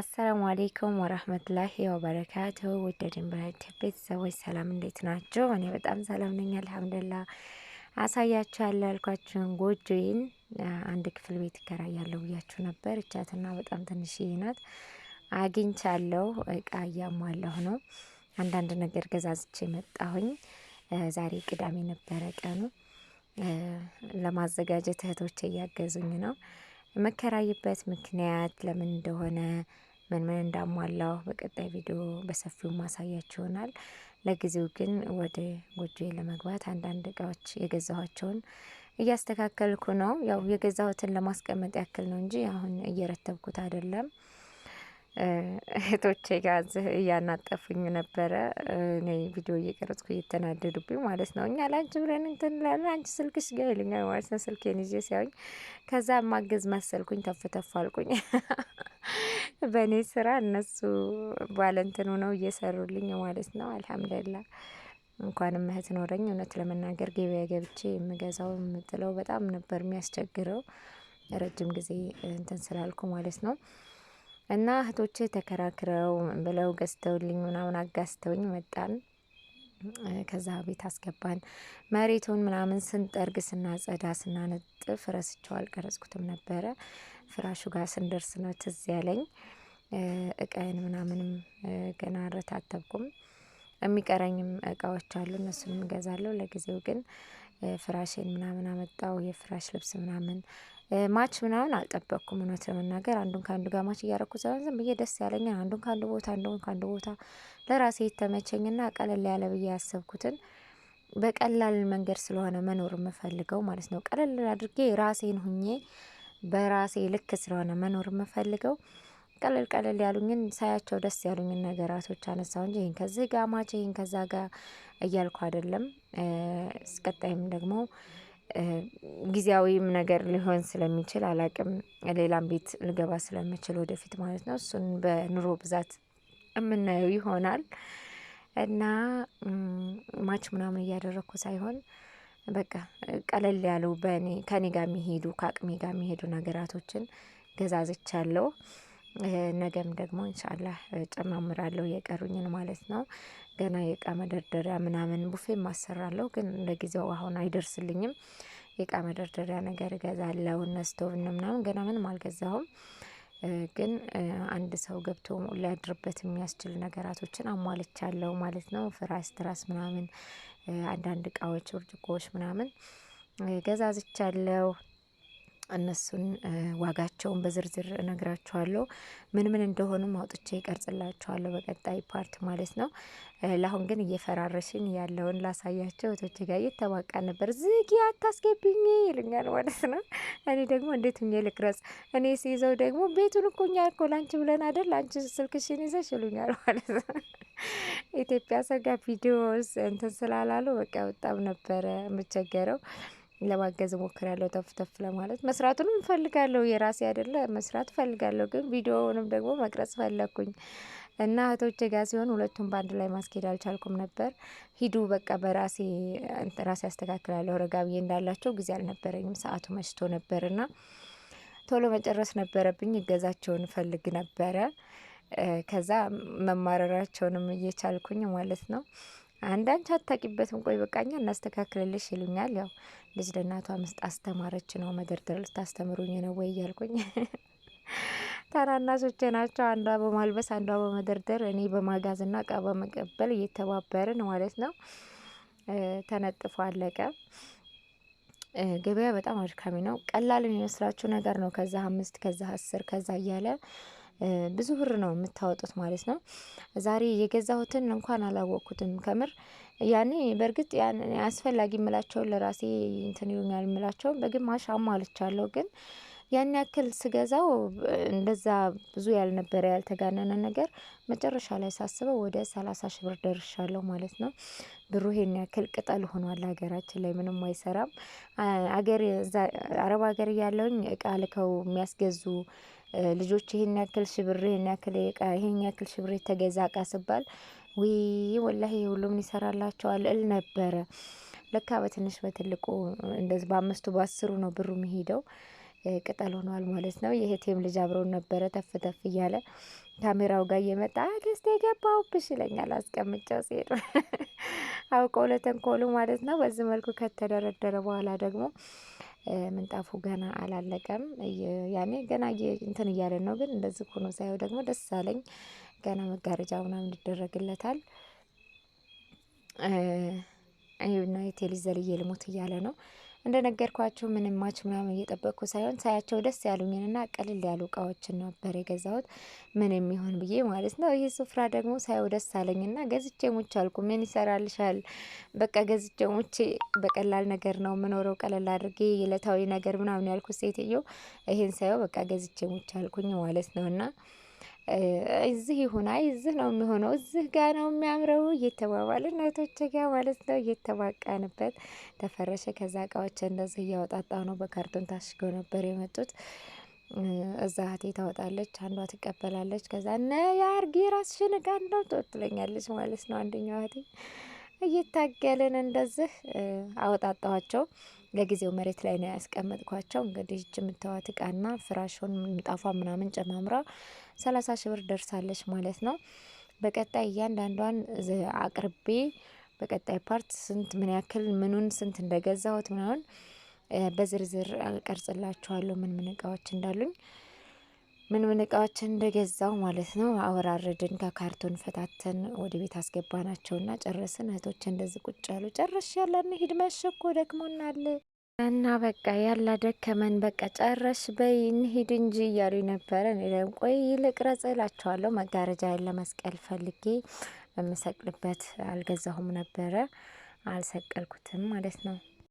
አሰላሙ አሌይኩም ወራህመቱላሂ ወበረካቱሁ ውድ ድንበረት ቤተሰቦች ሰላም እንዴት ናቸው? እኔ በጣም ሰላም ነኝ አልሐምዱሊላህ። አሳያችኋለሁ ያልኳችሁን ጎጆዬን አንድ ክፍል ቤት እከራያለሁ ብያችሁ ነበር። እቻትና በጣም ትንሽዬ ናት አግኝቻለሁ። እቃ እያሟለሁ ነው። አንዳንድ ነገር ገዛዝቼ መጣሁኝ። ዛሬ ቅዳሜ ነበረ ቀኑ። ለማዘጋጀት እህቶቼ እያገዙኝ ነው የመከራይበት ምክንያት ለምን እንደሆነ ምን ምን እንዳሟላው በቀጣይ ቪዲዮ በሰፊው ማሳያችሁ ይሆናል። ለጊዜው ግን ወደ ጎጆ ለመግባት አንዳንድ እቃዎች የገዛኋቸውን እያስተካከልኩ ነው። ያው የገዛሁትን ለማስቀመጥ ያክል ነው እንጂ አሁን እየረተብኩት አይደለም። እህቶቼ ጋር እያናጠፉኝ ነበረ። እኔ ቪዲዮ እየቀረጽኩ እየተናደዱብኝ ማለት ነው። እኛ ለአንቺ ብለን እንትን እንላለን፣ አንቺ ስልክሽ ጋር ይሉኛል ማለት ነው። ስልኬን ይዤ ሲያዩኝ፣ ከዛ ማገዝ መሰልኩኝ፣ ተፍ ተፍ አልኩኝ። በእኔ ስራ እነሱ ባለንትኑ ነው እየሰሩልኝ ማለት ነው። አልሐምዱሊላ እንኳንም እህት ኖረኝ። እውነት ለመናገር ገበያ ገብቼ የምገዛው የምጥለው በጣም ነበር የሚያስቸግረው ረጅም ጊዜ እንትን ስላልኩ ማለት ነው። እና እህቶቼ ተከራክረው ብለው ገዝተውልኝ ምናምን አጋዝተውኝ መጣን። ከዛ ቤት አስገባን። መሬቱን ምናምን ስንጠርግ ስናጸዳ ስናነጥፍ ረስቸው አልቀረጽኩትም ነበረ። ፍራሹ ጋር ስንደርስ ነው ትዝ ያለኝ። እቃዬን ምናምንም ገና አረታተብኩም። የሚቀረኝም እቃዎች አሉ፣ እነሱንም እገዛለሁ። ለጊዜው ግን ፍራሽን ምናምን አመጣው የፍራሽ ልብስ ምናምን ማች ምናምን አልጠበቅኩም። እውነት ለመናገር አንዱን ከአንዱ ጋር ማች እያረኩ ሳይሆን ዝም ብዬ ደስ ያለኝ አንዱን ከአንዱ ቦታ አንዱን ከአንዱ ቦታ ለራሴ የተመቸኝና ቀለል ያለ ብዬ ያሰብኩትን በቀላል መንገድ ስለሆነ መኖር የምፈልገው ማለት ነው። ቀለል አድርጌ ራሴን ሁኜ በራሴ ልክ ስለሆነ መኖር የምፈልገው ቀለል ቀለል ያሉኝን ሳያቸው ደስ ያሉኝን ነገራቶች አነሳው እንጂ ይህን ከዚህ ጋር ማች ይህን ከዛ ጋር እያልኩ አይደለም። ቀጣይም ደግሞ ጊዜያዊም ነገር ሊሆን ስለሚችል አላቅም፣ ሌላም ቤት ልገባ ስለምችል ወደፊት ማለት ነው። እሱን በኑሮ ብዛት የምናየው ይሆናል እና ማች ምናምን እያደረግኩ ሳይሆን በቃ ቀለል ያሉ ከኔ ጋር የሚሄዱ ከአቅሜ ጋር የሚሄዱ ነገራቶችን ገዛዝቻለሁ። ነገም ደግሞ እንሻላ ጨማምራለሁ የቀሩኝን ማለት ነው። ገና የእቃ መደርደሪያ ምናምን ቡፌ ማሰራለሁ፣ ግን ለጊዜው አሁን አይደርስልኝም። የእቃ መደርደሪያ ነገር እገዛለሁ። እነስቶቭ ምናምን ገና ምንም አልገዛሁም። ግን አንድ ሰው ገብቶ ሊያድርበት የሚያስችል ነገራቶችን አሟልቻለሁ ማለት ነው። ፍራስ፣ ትራስ ምናምን አንዳንድ እቃዎች፣ ብርጭቆዎች ምናምን ገዛዝቻለሁ። እነሱን ዋጋቸውን በዝርዝር እነግራችኋለሁ። ምን ምን እንደሆኑም አውጥቼ ይቀርጽላችኋለሁ በቀጣይ ፓርት ማለት ነው። ለአሁን ግን እየፈራረሽን ያለውን ላሳያቸው። እህቶቼ ጋር እየተዋቃ ነበር። ዝጊ አታስገብኝ ይልኛል ማለት ነው። እኔ ደግሞ እንዴት ሁኜ ልቅረጽ? እኔ ሲይዘው ደግሞ ቤቱን እኮ እኛ እኮ ላንቺ ብለን አይደል ላንቺ ስልክሽን ይዘሽ ይሉኛል ማለት ነው። ኢትዮጵያ ሰጋ ቪዲዮስ እንትን ስላላሉ በቃ በጣም ነበረ የምቸገረው። ለማገዝ ሞክራለሁ። ተፍ ተፍ ለማለት መስራቱንም እፈልጋለሁ። የራሴ አይደለ መስራት እፈልጋለሁ፣ ግን ቪዲዮውንም ደግሞ መቅረጽ ፈለግኩኝ እና እህቶቼ ጋር ሲሆን ሁለቱም በአንድ ላይ ማስኬድ አልቻልኩም ነበር። ሂዱ በቃ በራሴ ራሴ ያስተካክላለሁ ረጋ ብዬ እንዳላቸው ጊዜ አልነበረኝም። ሰዓቱ መሽቶ ነበርና ቶሎ መጨረስ ነበረብኝ። እገዛቸውን እፈልግ ነበረ። ከዛ መማረራቸውንም እየቻልኩኝ ማለት ነው አንዳንቺ አታቂበትም፣ ቆይ በቃኛ እናስተካክልልሽ ይሉኛል። ያው ልጅ ለእናቷ ምስጥ አስተማረች ነው መደርደር ልታስተምሩኝ ነው ወይ እያልኩኝ ታናናሾቼ ናቸው። አንዷ በማልበስ አንዷ በመደርደር እኔ በማጋዝና እቃ በመቀበል እየተባበርን ማለት ነው። ተነጥፎ አለቀ። ገበያ በጣም አድካሚ ነው። ቀላል የሚመስላችሁ ነገር ነው። ከዛ አምስት ከዛ አስር ከዛ እያለ ብዙ ብር ነው የምታወጡት ማለት ነው። ዛሬ የገዛሁትን እንኳን አላወቅኩትም ከምር ያኔ በእርግጥ አስፈላጊ የምላቸውን ለራሴ እንትን ይሆኛል የምላቸውን በግማሽ አሟልቻለሁ ግን ያን ያክል ስገዛው እንደዛ ብዙ ያልነበረ ያልተጋነነ ነገር መጨረሻ ላይ ሳስበው ወደ ሰላሳ ሺ ብር ደርሻለሁ ማለት ነው። ብሩ ይሄን ያክል ቅጠል ሆኗል። ሀገራችን ላይ ምንም አይሰራም። አገር አረብ ሀገር እያለውኝ እቃ ልከው የሚያስገዙ ልጆች ይሄን ያክል ሺ ይሄን ያክል እቃ ይሄን ያክል ሺ ብር የተገዛ እቃ ስባል ውይ ወላሂ ሁሉም ይሰራላቸዋል እል ነበረ። ለካ በትንሽ በትልቁ እንደዚህ በአምስቱ በአስሩ ነው ብሩ የሚሄደው። ቅጠል ሆኗል ማለት ነው። የእህቴም ልጅ አብረው ነበረ ተፍ ተፍ እያለ ካሜራው ጋር እየመጣ ገስት የገባውብሽ ይለኛል። አስቀምጫው ሲሄድ አውቀው ለተንኮሉ ማለት ነው። በዚህ መልኩ ከተደረደረ በኋላ ደግሞ ምንጣፉ ገና አላለቀም። ያኔ ገና እንትን እያለን ነው። ግን እንደዚህ ሆኖ ሳየው ደግሞ ደስ አለኝ። ገና መጋረጃ ምናምን ይደረግለታል። ይና የቴሌ ዘልዬ ልሞት እያለ ነው። እንደነገርኳቸው ምንም ማች ምናምን እየጠበቅኩ ሳይሆን ሳያቸው ደስ ያሉኝንና ቀልል ያሉ እቃዎችን ነበር የገዛሁት። ምን የሚሆን ብዬ ማለት ነው። ይህ ስፍራ ደግሞ ሳየው ደስ አለኝና ገዝቼ ሙች አልኩ። ምን ይሰራልሻል? በቃ ገዝቼ ሙቼ በቀላል ነገር ነው የምኖረው፣ ቀለል አድርጌ የዕለታዊ ነገር ምናምን ያልኩ ሴትዮ ይህን ሳየው በቃ ገዝቼ ሙች አልኩኝ ማለት ነውና እዚህ ይሁን አይ እዚህ ነው የሚሆነው እዚህ ጋ ነው የሚያምረው እየተባባልን እህቶቼ ጋ ማለት ነው እየተባቃንበት ተፈረሸ። ከዛ እቃዎች እንደዚህ እያወጣጣ ነው በካርቶን ታሽገው ነበር የመጡት። እዛ እህቴ ታወጣለች፣ አንዷ ትቀበላለች። ከዛ ነ የአርጌ ራስሽን እቃ ነው ትለኛለች ማለት ነው አንደኛው እህቴ እየታገልን እንደዚህ አወጣጣኋቸው። ለጊዜው መሬት ላይ ነው ያስቀመጥኳቸው። እንግዲህ እጅ የምታዋት እቃና ፍራሹን ምንጣፏ ምናምን ጨማምራ ሰላሳ ሺ ብር ደርሳለች ማለት ነው። በቀጣይ እያንዳንዷን አቅርቤ በቀጣይ ፓርት ስንት ምን ያክል ምኑን ስንት እንደገዛሁት ምናምን በዝርዝር ቀርጽላችኋለሁ ምን ምን እቃዎች እንዳሉኝ። ምን ምን እቃዎችን እንደገዛው ማለት ነው አወራረድን፣ ከካርቶን ፈታተን ወደ ቤት አስገባናቸውና ጨረስን። እህቶች እንደዚህ ቁጭ ያሉ ጨረሽ ያለን ሂድ መሸ እኮ ደክሞናል እና በቃ ያላ ደከመን በቃ ጨረሽ በይ እንሂድ እንጂ እያሉ ነበረ። ቆይ ይልቅረጽ እላቸዋለሁ። መጋረጃ ለመስቀል ፈልጌ በምሰቅልበት አልገዛሁም ነበረ አልሰቀልኩትም ማለት ነው።